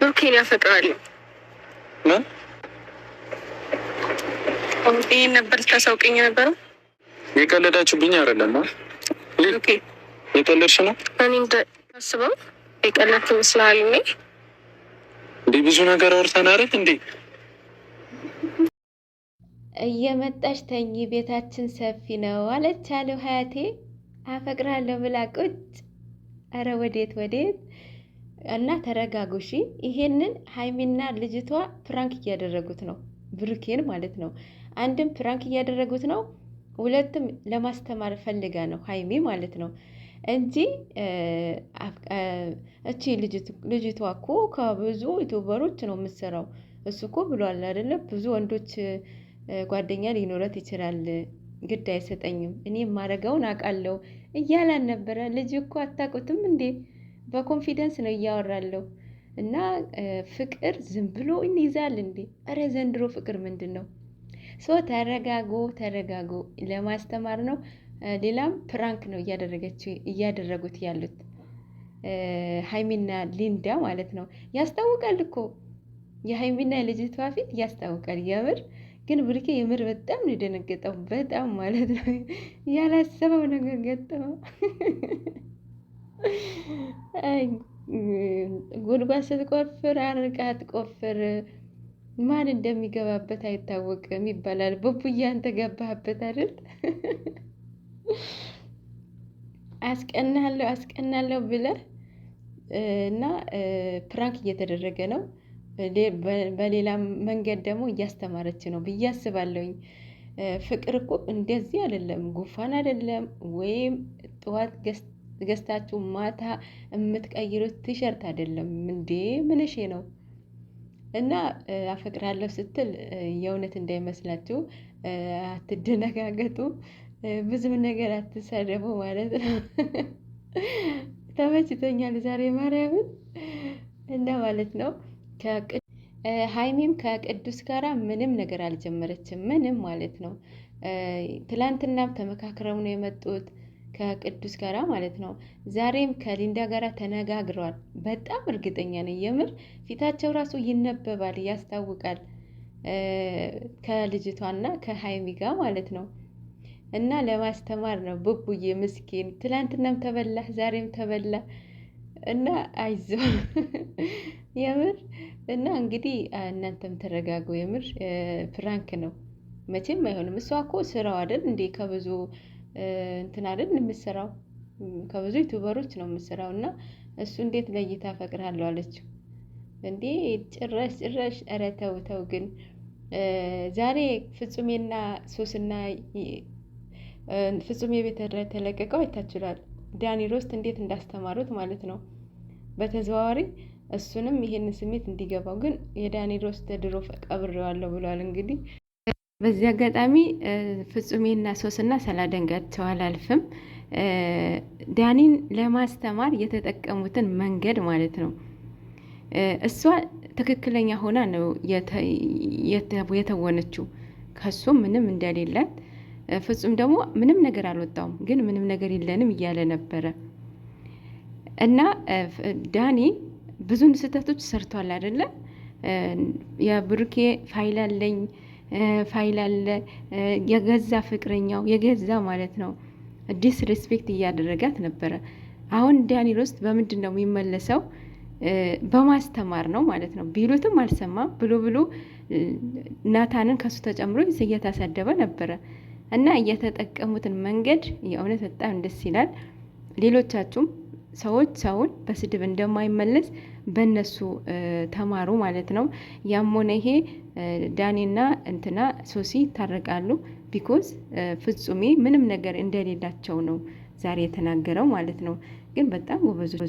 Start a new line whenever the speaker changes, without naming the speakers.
ብሩኬን ያፈቅራለሁ። ምን ይህን ነበር ልታሳውቀኝ ነበረው?
የቀለዳችሁብኝ አይደለም። የቀለድሽ ነው።
እኔ እንደታስበው የቀለድክ ይመስልሃል። እኔ
እንዴ ብዙ ነገር አውርተን አይደል እንዴ
እየመጣሽ ተኝ ቤታችን ሰፊ ነው አለች አሉ ሀያቴ አፈቅራለሁ ብላ ቁጭ። አረ ወዴት ወዴት እና ተረጋጉ እሺ። ይሄንን ሀይሚና ልጅቷ ፕራንክ እያደረጉት ነው፣ ብሩኬን ማለት ነው። አንድም ፕራንክ እያደረጉት ነው፣ ሁለትም ለማስተማር ፈልጋ ነው ሀይሚ ማለት ነው እንጂ እቺ ልጅቷ እኮ ከብዙ ዩቱበሮች ነው የምትሰራው። እሱ እኮ ብሏል አይደለ? ብዙ ወንዶች ጓደኛ ሊኖረት ይችላል፣ ግድ አይሰጠኝም፣ እኔ የማረገውን አውቃለሁ እያላን ነበረ። ልጅ እኮ አታውቁትም እንዴ? በኮንፊደንስ ነው እያወራለሁ። እና ፍቅር ዝም ብሎ እንይዛል እንዴ? እረ ዘንድሮ ፍቅር ምንድን ነው? ሶ ተረጋጎ ተረጋጎ ለማስተማር ነው። ሌላም ፕራንክ ነው እያደረጉት ያሉት ሀይሚና ሊንዳ ማለት ነው። ያስታውቃል እኮ የሀይሚና የልጅቷ ፊት ያስታውቃል። የምር ግን ብርኬ የምር በጣም ነው የደነገጠው። በጣም ማለት ነው ያላሰበው ነገር ገጠመው። ጉድጓድ ስትቆፍር አርቃ ትቆፍር፣ ማን እንደሚገባበት አይታወቅም ይባላል። ቡቡዬ አንተ ገባህበት አይደል? አስቀናለሁ አስቀናለሁ ብለህ እና ፕራንክ እየተደረገ ነው። በሌላ መንገድ ደግሞ እያስተማረች ነው ብዬ አስባለሁኝ። ፍቅር እኮ እንደዚህ አይደለም፣ ጉፋን አይደለም ወይም ጠዋት ገስ ገዝታችሁ ማታ የምትቀይሩት ቲሸርት አይደለም እንዴ? ምንሽ ነው? እና አፈቅራለሁ ስትል የእውነት እንዳይመስላችሁ፣ አትደነጋገጡ፣ ብዙም ነገር አትሳደቡ ማለት ነው። ተመችቶኛል ዛሬ ማርያምን እና ማለት ነው። ሀይሚም ከቅዱስ ጋራ ምንም ነገር አልጀመረችም፣ ምንም ማለት ነው። ትላንትናም ተመካክረው ነው የመጡት። ከቅዱስ ጋራ ማለት ነው። ዛሬም ከሊንዳ ጋር ተነጋግረዋል። በጣም እርግጠኛ ነኝ። የምር ፊታቸው ራሱ ይነበባል፣ ያስታውቃል ከልጅቷና ከሀይሚ ጋር ማለት ነው። እና ለማስተማር ነው። ቡቡዬ ምስኪን ትላንትናም ተበላ ዛሬም ተበላ። እና አይዞ የምር እና እንግዲህ እናንተም ተረጋጉ። የምር ፍራንክ ነው፣ መቼም አይሆንም። እሷ እኮ ስራው አይደል እንዴ ከብዙ እንትን አይደል የምትሰራው ከብዙ ዩቱበሮች ነው የምትሰራው እና እሱ እንዴት ለይታ አፈቅርሃለሁ አለችው። እንዴ ጭራሽ ጭራሽ ኧረ ተው ተው ግን ዛሬ ፍጹሜና ሶስና ፍጹሜ ቤት ተለቀቀው አይታችላል። ዳኒ ሮስት እንዴት እንዳስተማሩት ማለት ነው በተዘዋዋሪ እሱንም ይሄንን ስሜት እንዲገባው ግን የዳኒ ሮስት ድሮ ቀብሬዋለሁ ብሏል። እንግዲህ በዚህ አጋጣሚ ፍጹሜና ሶስና ሳላደንቃቸው አላልፍም። ዳኒን ለማስተማር የተጠቀሙትን መንገድ ማለት ነው። እሷ ትክክለኛ ሆና ነው የተወነችው፣ ከሱ ምንም እንደሌላት። ፍጹም ደግሞ ምንም ነገር አልወጣውም፣ ግን ምንም ነገር የለንም እያለ ነበረ እና ዳኒ ብዙ ስህተቶች ሰርቷል አይደለ? የብሩኬ ፋይል አለኝ ፋይል አለ። የገዛ ፍቅረኛው የገዛ ማለት ነው ዲስሬስፔክት እያደረጋት ነበረ። አሁን ዳኒል ውስጥ በምንድን ነው የሚመለሰው? በማስተማር ነው ማለት ነው። ቢሉትም አልሰማም ብሎ ብሎ ናታንን ከሱ ተጨምሮ እየታሳደበ ነበረ እና እየተጠቀሙትን መንገድ የእውነት በጣም ደስ ይላል። ሌሎቻችሁም ሰዎች ሰውን በስድብ እንደማይመለስ በእነሱ ተማሩ ማለት ነው። ያም ሆነ ይሄ ዳኔና እንትና ሶሲ ይታረቃሉ። ቢኮዝ ፍጹሜ ምንም ነገር እንደሌላቸው ነው ዛሬ የተናገረው ማለት ነው። ግን በጣም ጎበዞች